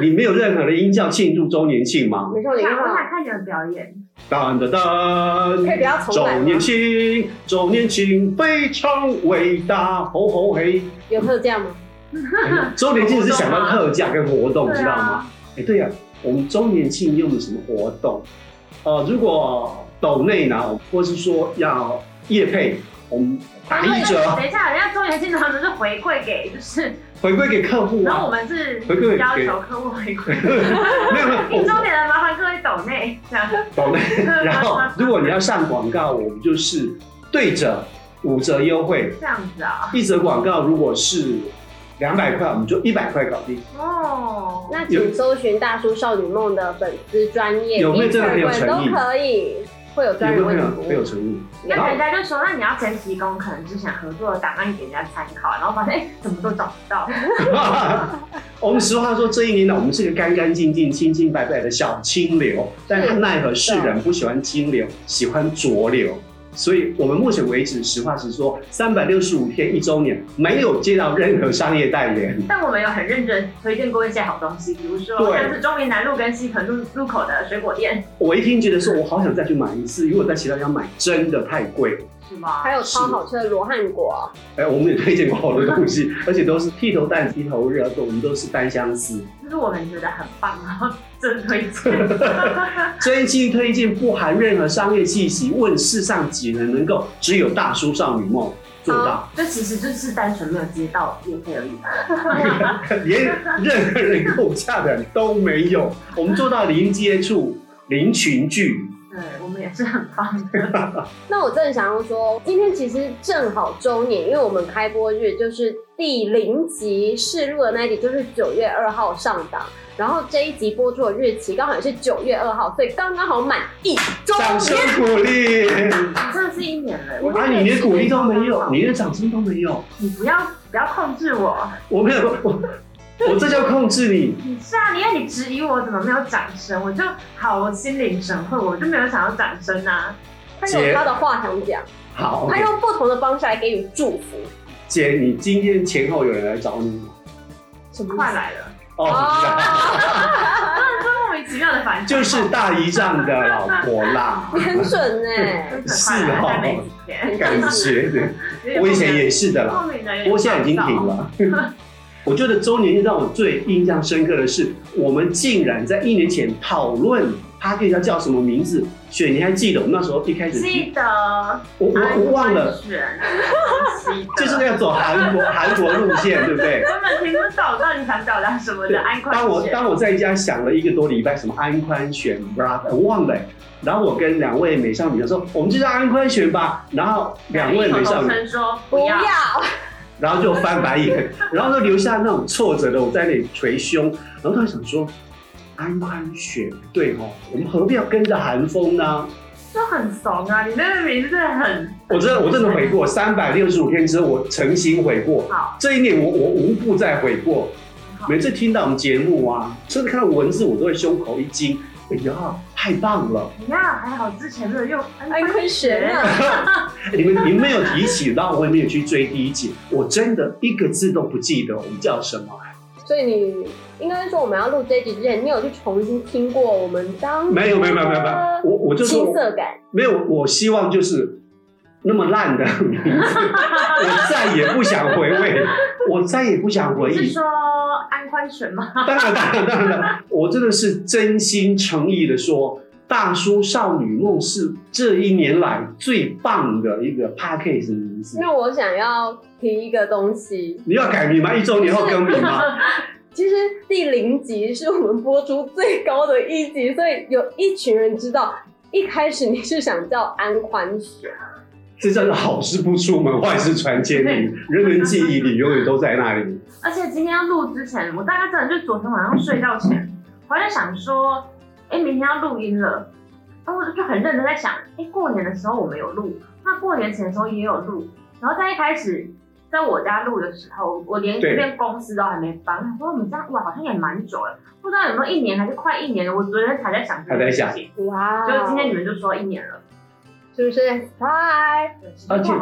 你沒有任何的音效慶祝周年慶嗎？沒錯，你們過來看你們表演。噠噠噠，周年慶，周年慶非常偉大，吼吼嘿！有特價嗎？周、嗯、年慶是想要特價跟活動， 活動知道嗎？哎、啊，欸，對呀、啊，我們周年慶用的什麼活動？呃，如果鬥內呢，或是說要業配，我們打一折。啊、等一下，人家周年慶的話都是回饋給，就是。回饋給客戶、啊，然後我們是回饋要求客戶回饋沒有沒有。一週年的麻煩各位抖內這樣，抖內。然後如果你要上廣告，我們就是對折五折優惠，這樣子啊。一則廣告如果是兩百塊，我們就一百塊搞定哦。那請搜尋大叔少女夢的粉絲專頁，有沒有誠意都可以。會有專人問你，有沒有存疑。那後後人家就說，那你要先提供可能是想合作的檔案給人家參考，然後發現哎、欸，怎麼都找不到。 我們實話說，這一年呢，我們是個乾乾淨淨、清清白白的小清流，但是奈何世人是對不喜歡清流，喜歡濁流。所以，我們目前為止，實話實說，三百六十五天一周年沒有接到任何商業代言，但我們有很認真推薦過一些好東西，比如說對像是忠明南路跟西屯路路口的水果店。我一聽覺得說，我好想再去買一次，如果在其他地方買，真的太貴了。是嗎？還有超好吃的羅漢果。哎、欸，我們也推薦過好多東西， 而且都是剃頭蛋、剃頭熱啊，我們都是單相思。就是我們覺得很棒啊，啊真推薦。這一期推薦不含任何商業氣息，問世上幾人能夠？只有大叔少女夢做到、啊。這其實就是單純沒有接到業務而已吧。 連任何人報價的都沒有，我們做到零接觸、零群聚。對、嗯，我們也是很棒的。 那我真的想要說，今天其實正好周年，因為我們開播日就是第零集試錄的那一集，就是九月二號上檔，然後這一集播出的日期剛好也是九月二號，所以剛剛好滿一周年。掌聲鼓勵， 真的是一年了。那你,你連鼓勵都沒有，你連掌聲都沒有，你不要不要控制我， 我沒有。我我這叫控制你。是啊，因為你質疑我怎麼沒有掌聲，我就好心領神會，我就沒有想要掌聲啊。他有他的話想講。好，他用不同的方式來給你祝福。姐，你今天前後有人來找你嗎？什麼來了？哦，真莫名其妙的反應。就是大姨丈的老婆啦。很準哎。是哦，沒幾天感謝。我以前也是的啦，不過現在已經停了。我覺得周年日讓我最印象深刻的是，我們竟然在一年前討論他要叫什麼名字。雪，你還記得我們那時候一開始？記得。我我我忘了。得就是那種走韓國韓國路線，對不對？根本聽不懂到，到底想表達什麼的。對安寬。當我當我在家想了一個多禮拜，什麼安寬選吧，我忘了。然後我跟兩位美少女說：“我們就叫安寬選吧。”然後兩位美少女頭頭說：“不要。” 然後就翻白眼， 然後就留下那種挫折的，我在那裡捶胸。然後他想說，安寬雪不對哈，哦，我們何必要跟着寒風呢？這很慫啊！你那個名字真的很……我真的我真的悔過，三百六十五天之後，我誠心悔過。好，這一年我我無不再悔過，每次聽到我們節目啊，甚至看到文字，我都會胸口一驚。哎呀，太棒了！哎呀，還好之前沒有用愛坤學你們，你沒有提起到，然後我也沒有去追第一集，我真的一個字都不記得，我們叫什麼？所以你應該說，我們要錄這一集之前，你有去重新聽過我們當？沒有，沒有，沒有，沒有，我我就是，青澀感。沒有，我希望就是那麼爛的名字， 我再也不想回味，我再也不想回憶。你安寬雪嗎？當然當然當然我真的是真心誠意的說，《大叔少女夢》是這一年來最棒的一個 podcast 那我想要提一個東西，你要改名嗎？一周年後更名嗎？其實第零集是我們播出最高的一集，所以有一群人知道，一開始你是想叫安寬雪。這真的好事不出門，壞 事傳千里，對人人記憶裡永遠都在那裡。對對對對，而且今天要錄之前，我大概真的就昨天晚上睡覺前，我還在想說，哎、欸，明天要錄音了，然後我就很認真在想，哎、欸，過年的時候我沒有錄，那過年前的時候也有錄，然後在一開始在我家錄的時候，我連這邊公司都還沒搬，我對說我們家哇好像也蠻久了，不知道有沒有一年還是快一年，我昨天才在想、這個，才在想，哇，就今天你們就說一年了。是不是？嗨。而且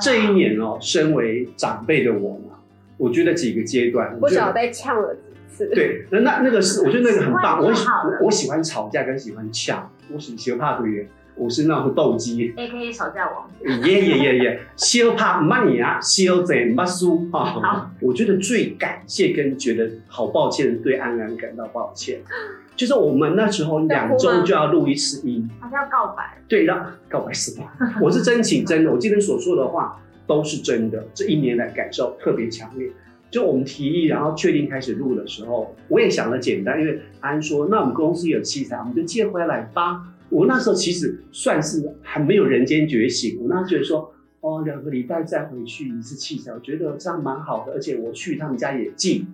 這一年哦、喔，身為長輩的我呢，我覺得幾個階段，我只要被嗆了幾次，對，那那那個是，嗯、我覺得那個很棒。我我，我喜歡吵架，跟喜歡嗆，我喜歡對我喜歡怕對。我是那副鬥雞，A K 少在我。耶耶耶耶，少怕慢伢，少整不輸哈。啊、好，我覺得最感謝跟覺得好抱歉的，對安然感到抱歉， 就是我們那時候兩周就要錄一次音， 好像要告白。對，讓告白什麼？我是真情真的， 我今天所說的話都是真的。這一年來感受特別強烈，就我們提議然後確定開始錄的時候，我也想得簡單，因為安說那我們公司有器材，我們就借回來吧。我那時候其實算是還沒有人間覺醒，我那時候覺得說，哦，兩個禮拜再回去一次器材，我覺得這樣蠻好的，而且我去他們家也近。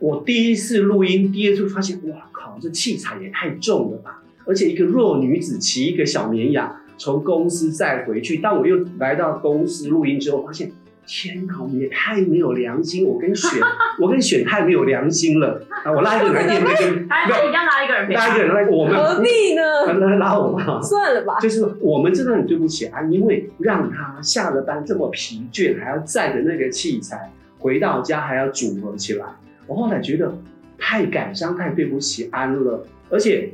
我第一次錄音，第二次發現，哇靠，這器材也太重了吧！而且一個弱女子騎一個小綿羊從公司再回去，但我又來到公司錄音之後發現。天啊，你也太沒有良心！我跟雪， 我跟雪太沒有良心了。 啊，我拉一個人，沒有，沒有，一樣拉一個人。拉一個人，拉我們何必呢？啊、拉我吧，算了吧。就是我們真的很對不起安、啊，因為讓他下了班這麼疲倦，還要載著那個器材回到家還要組合起來。我後來覺得太感傷，太對不起安了，而且。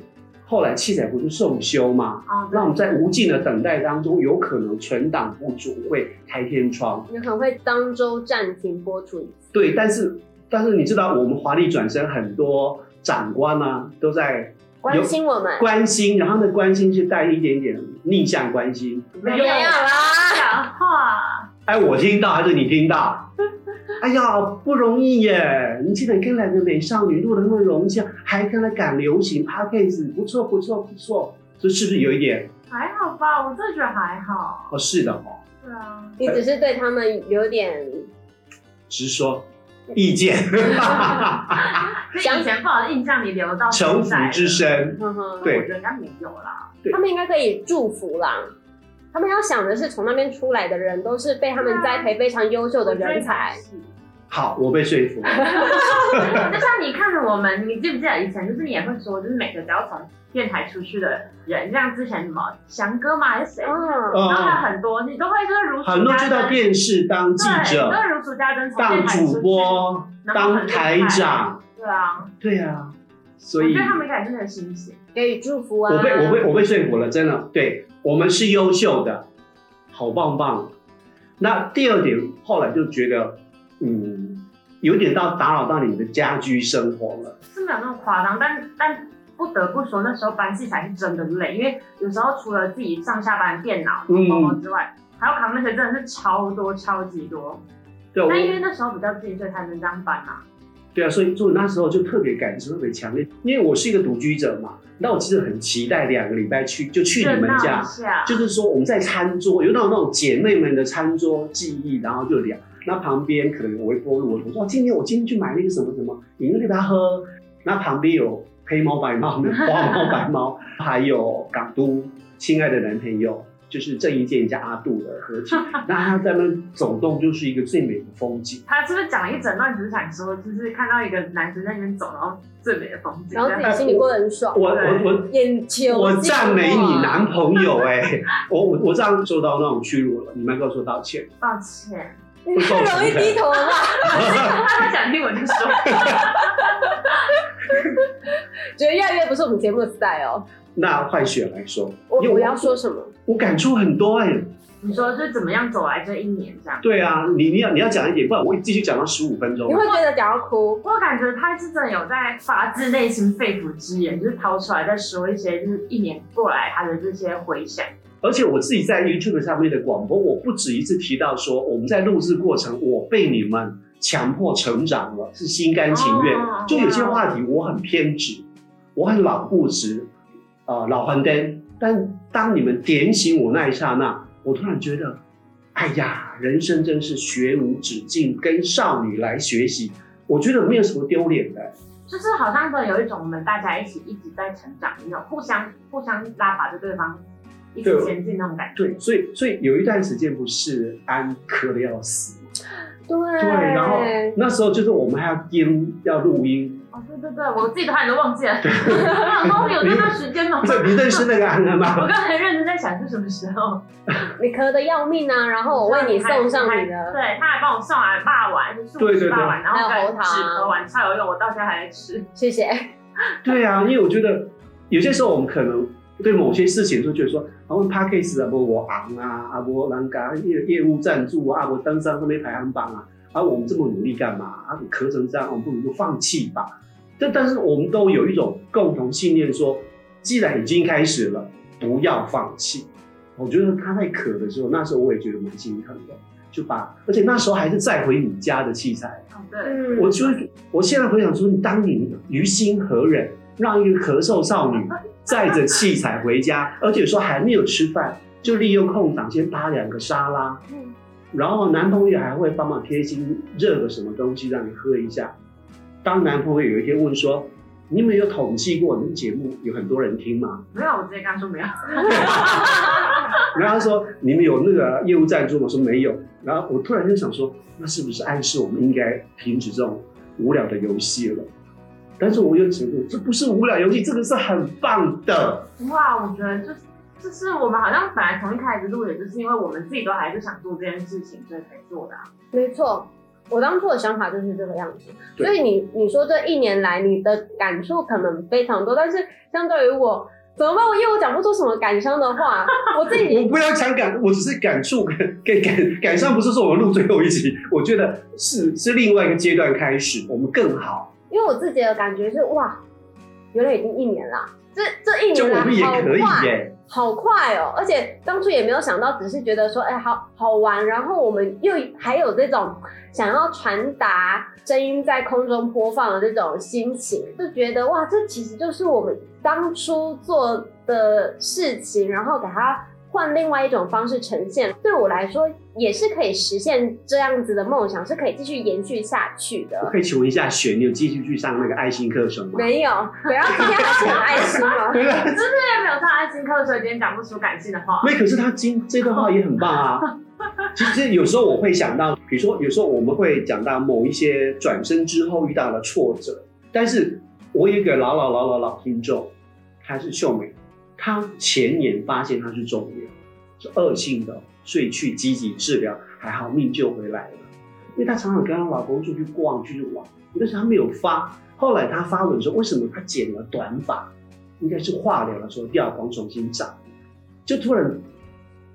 後來器材不是送修嗎？啊，那我們在無盡的等待當中，有可能存檔不足會開天窗，有可能會當周暫停播出一次。對，但是但是你知道，我們華麗轉身很多長官呢、啊、都在關心我們，關心，然後呢，關心是帶一點點逆向關心，沒有啦，講話，哎，我聽到還是你聽到？哎呀，不容易耶！你記得跟兩個美少女錄的那麼融洽，還跟她趕流行 podcast，不錯不錯不錯，不錯，這是不是有一點？還好吧，我真的覺得還好。哦，是的哦。對啊，你只是對他們有點直說對意見。所以 像以前不好的印象你留到？城府之深，呵呵，對，我覺得應該沒有啦。對他們應該可以祝福啦。他們要想的是，從那邊出來的人都是被他們栽培非常優秀的人才。嗯、好，我被說服。 就像你看着我們，你記不記得以前就是你也會說，就是每個只要從電台出去的人，像之前什麼翔哥嘛，還是誰，嗯嗯、然後還有很多，很多你都會就如如很多就到電視當記者，如數家珍，從電台當主播，當台長。台長對啊，對啊，所以對他們感覺很欣喜，給予祝福啊。我被我被我被說服了，真的對。我們是優秀的，好棒棒。那第二點，後來就覺得，嗯，有點到打擾到你的家居生活了。是沒有那麼誇張，但但不得不說，那時候搬器材才是真的累，因為有時候除了自己上下班電腦忙、嗯、之外，還有扛那些真的是超多超級多。對，那因為那時候比較自己最才能這樣搬嘛、啊。對啊，所以就那時候就特別感覺特別強烈，因為我是一個獨居者嘛，那我其實很期待兩個禮拜去就去你們家，就，就是說我們在餐桌有那種那種姐妹們的餐桌記憶，然後就聊，那旁邊可能有微波爐，我說哇，今天我今天去買那個什麼什麼飲料給他喝，那旁邊有黑貓白貓、黃貓白貓， 還有港都親愛的男朋友。就是鄭伊健加阿杜的，合體那他在那走動就是一個最美的風景。他是不是講了一整段，只是想說，就是看到一個男生在那邊走，然後最美的風景，然後自己心裡過得很爽。我我我，眼球，我讚美你男朋友哎，我我我這樣受到那種屈辱了，你們要給我說道歉。抱歉，你太容易低頭了吧？我最怕他想聽我就說。覺得越來越不是我們節目的 style。那換血來說我，我要說什麼？我，我感觸很多哎、欸。你說這怎麼樣走來這一年這樣？對啊，你你要你要講一點，不然我會繼續講到十五分鐘。你會覺得講到哭？我感覺他真的有在發自內心肺腑之言，嗯、就是掏出來在說一些，就是一年過來他的這些迴響。而且我自己在 YouTube 上面的廣播，我不止一次提到說，我們在錄製過程，我被你們強迫成長了，是心甘情願。哦啊啊、就有些話題，我很偏執，我很老固執。呃老昏燈！但當你們點醒我那一剎那，我突然覺得，哎呀，人生真是學無止境。跟少女來學習，我覺得沒有什麼丟臉的。就是好像有一種我們大家一起一直在成長，你知道，互相互相拉拔着對方，一起前進那種感覺。對，對，所以所以有一段時間不是安渴的要死，對對，然後那時候就是我們還要跟要錄音。哦、對對對，我自己都好你都忘記了，剛剛 你有這段時間嗎？ 對，那那安安嘛？你 認識那個昂嗎？我剛才認真在想是什麼時候，你咳得要命啊！然後我為你送上你的，對，他還幫我送來霸碗，是素八碗，還、啊、有紅糖，八碗超有用，我到家還在吃，謝謝。對啊，因為我覺得有些時候我們可能對某些事情就覺得說，我後 packages 阿伯昂啊，阿伯蘭嘎業業務贊助啊，我登山分類排行榜啊。而、啊、我們這麼努力幹嘛？啊，你咳成這樣，我們不如就放棄吧。但但是我們都有一種共同信念說，說既然已經開始了，不要放棄。我覺得他在咳的時候，那時候我也覺得蠻心疼的，就把。而且那時候還是再回你家的器材。對、嗯，我就我現在回想說你，你當你於心何忍，讓一個咳嗽少女載着器材回家，而且說還沒有吃飯，就利用空檔先扒兩個沙拉。嗯。然後男朋友還會幫忙貼心熱個什麼東西讓你喝一下。當男朋友有一天問說：“你有沒有統計過，你們節目有很多人聽嗎？”沒有，我直接跟他說沒有。 然後他說：“你們有那個業務贊助嗎？”我說沒有。然後我突然就想說：“那是不是暗示我們應該停止這種無聊的遊戲了？”但是我又覺得這不是無聊遊戲，這個是很棒的。哇，我覺得這、就是。就是我們好像本來從一開始錄也，就是因為我們自己都還是想做這件事情，所以才做的、啊。沒錯，我當初的想法就是這個樣子。對所以你你說這一年來你的感觸可能非常多，但是相對於我怎麼辦？因為我講不出什麼感傷的話，我自己 我不要講感，我只是感觸跟跟感感傷。不是說我們錄最後一集，我覺得是是另外一個階段開始，我們更好。因為我自己的感覺是哇，原來已經一年了，這這一年就我們也可以耶、欸。好快哦，而且當初也沒有想到，只是覺得說，哎、欸，好好玩。然後我們又還有這種想要傳達聲音在空中播放的這種心情，就覺得哇，這其實就是我們當初做的事情，然後給它換另外一種方式呈現。對我來說。也是可以實現這樣子的夢想，是可以繼續延續下去的。我可以請問一下雪，你有繼續去上那個愛心課程嗎？沒有， 不要講我愛心了。對對 是，不是沒有上愛心課的時候，今天講不出感性的話。沒，可是他今這個話也很棒啊。 其實有時候我會想到，比如說有時候我們會講到某一些轉身之後遇到的挫折，但是我有給老老老老老聽眾，他是秀美，他前年發現他是腫瘤，是惡性的。睡去積極治療，還好命救回來了。因為她常常跟她老公出去逛，出去玩。但是她沒有發，後來她發文說：“為什麼她剪了短髮？應該是化療的時候掉光，重新長，就突然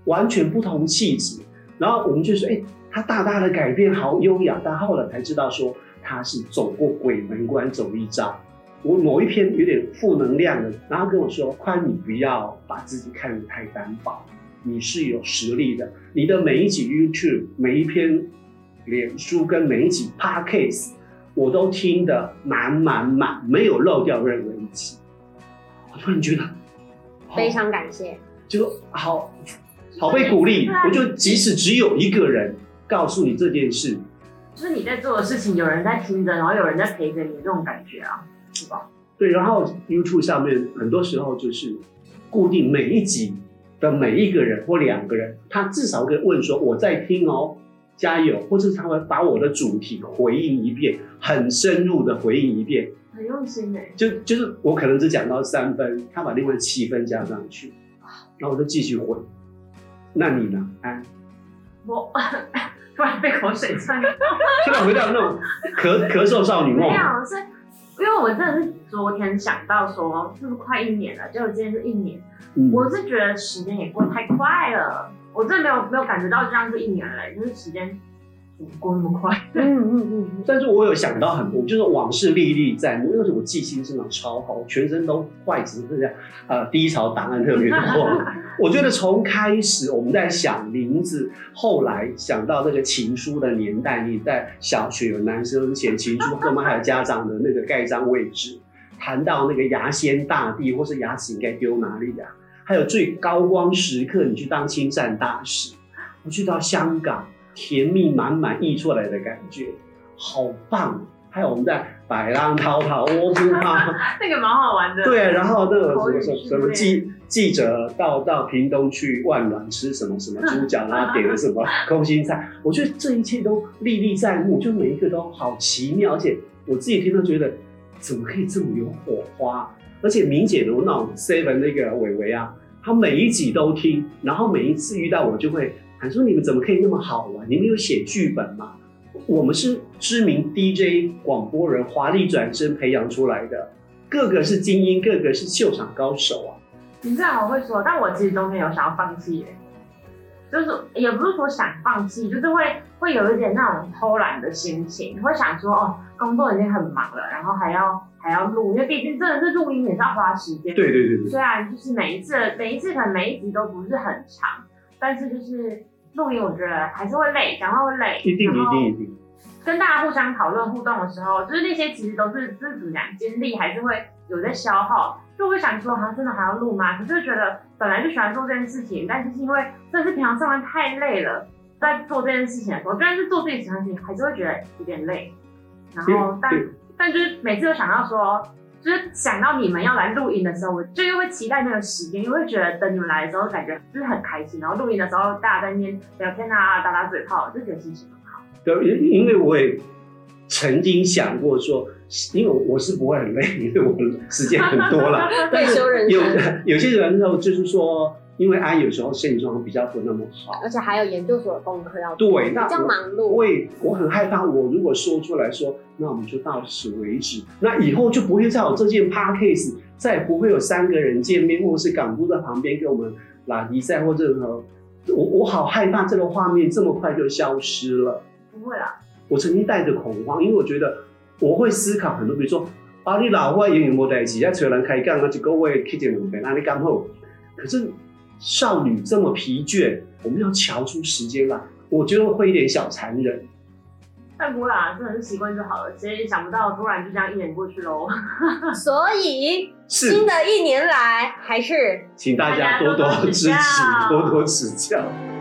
完全不同氣質。”然後我們就說：“哎、欸，她大大的改變，好優雅。”但後來才知道說她是走過鬼門關走一遭。我某一篇有點負能量的，然後跟我說：“寬，你不要把自己看得太單薄。”你是有實力的，你的每一集 YouTube、每一篇臉書跟每一集 Podcast，我都聽得滿滿滿，沒有漏掉任何一期。我突然覺得、哦、非常感謝，就好好被鼓勵。我就即使只有一個人告訴你這件事，就是你在做的事情，有人在聽着，然後有人在陪着你，這種感覺啊，是吧對。然後 YouTube 上面很多時候就是固定每一集的每一個人或兩個人，他至少可以問說我在聽哦，加油，或是他會把我的主題回應一遍，很深入的回應一遍，很用心耶。就就是我可能只講到三分，他把另外七分加上去，然後我就繼續回。那你呢？哎，我突然被口水嗆。 現在回到那種咳咳嗽少女夢。因為我真的是昨天想到說，是不是快一年了？結果今天是一年，我是覺得時間也過太快了。嗯、我真的沒有沒有感覺到這樣子一年來、欸，就是時間過那麼快。嗯嗯嗯。但是我有想到很多，就是往事歷歷在目，因為是我記性真的超好，全身都快只是這樣、呃、低潮檔案特別多。嗯呵呵呵我覺得從開始我們在想林子，嗯、後來想到那個情書的年代，你在小學有男生寫情書，後面還有家長的那個蓋章位置，談到那個牙仙大帝或是牙齒應該丟哪裡呀？啊，還有最高光時刻你去當親善大使，我去到香港甜蜜滿滿溢出來的感覺，好棒！還有我們在白浪滔滔窩豬湯， 哦，那個蠻好玩的。對，啊，然後那個什麼什、哦、麼雞。哦嗯記者到到屏東去萬巒吃什麼什麼豬腳啦啊，點了什麼空心菜，我覺得這一切都歷歷在目，就每一個都好奇妙，而且我自己聽到覺得怎麼可以這麼有火花？而且明姐我那 seven 那個偉偉啊，他每一集都聽，然後每一次遇到我就會喊說，你們怎麼可以那麼好啊？你們有寫劇本嗎？我們是知名 DJ 廣播人華麗轉身培養出來的，個個是精英，個個是秀場高手啊！你這樣我會說，但我其實中間有想要放棄，耶，就是也不是說想放棄，就是會會有一點那種偷懶的心情，會想說哦，工作已經很忙了，然後還要還要錄，因為畢竟真的是錄音也是要花時間。對對對對。雖然就是每一次每一次可能每一集都不是很長，但是就是錄音我覺得還是會累，講話會累一。一定一定一定。跟大家互相討論互動的時候，就是那些其實都是自己兩精力還是會有在消耗。就會想說，好像真的還要錄嗎？可是就覺得本來就喜歡做這件事情，但是是因為這是平常上班太累了，在做這件事情的時候，雖然是做自己喜歡的事情，還是會覺得有點累。然後但，但但就是每次都想到說，就是想到你們要來錄音的時候，我就又會期待那種時間，又會覺得等你們來的時候，感覺就是很開心。然後錄音的時候，大家在那邊聊天啊，打打嘴炮，就覺得心情很好。對，因為我也曾經想過說。因為我是不會很累，因為我時間很多了。退休 有 人有有些人，然後，就是說，因為安有時候現狀比較不那麼好，而且還有研究所的功課要做，對，比較忙碌。對，我很害怕。我如果說出來說，那我們就到此為止，那以後就不會再有這件 park case，再也不會有三個人見面，或者是港都在旁邊給我們拉比賽或任何。我我好害怕這個畫面這麼快就消失了。不會啦，我曾經帶着恐慌，因為我覺得。我會思考很多，比如說，把、啊、你老外演員摸在一起，要突然開講，那是各位去見人，別讓你幹好。可是少女這麼疲倦，我們要喬出時間來，我覺得會有點小殘忍。但不會啦、啊，是很習慣就好了。誰也想不到，突然就這樣一年過去嘍。 所以，是新的一年來，還是請大家多多支持，多多指教。多多指教